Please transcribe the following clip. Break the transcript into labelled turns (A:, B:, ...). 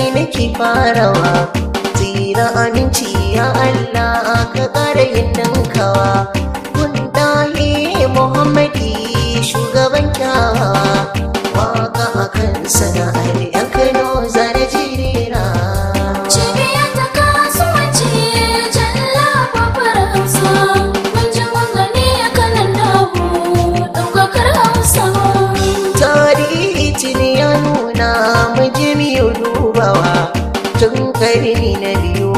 A: kai nake farawa tsira aminci ya Allah ka ƙara yin dankawa na mu ji dubawa tun kai na biyu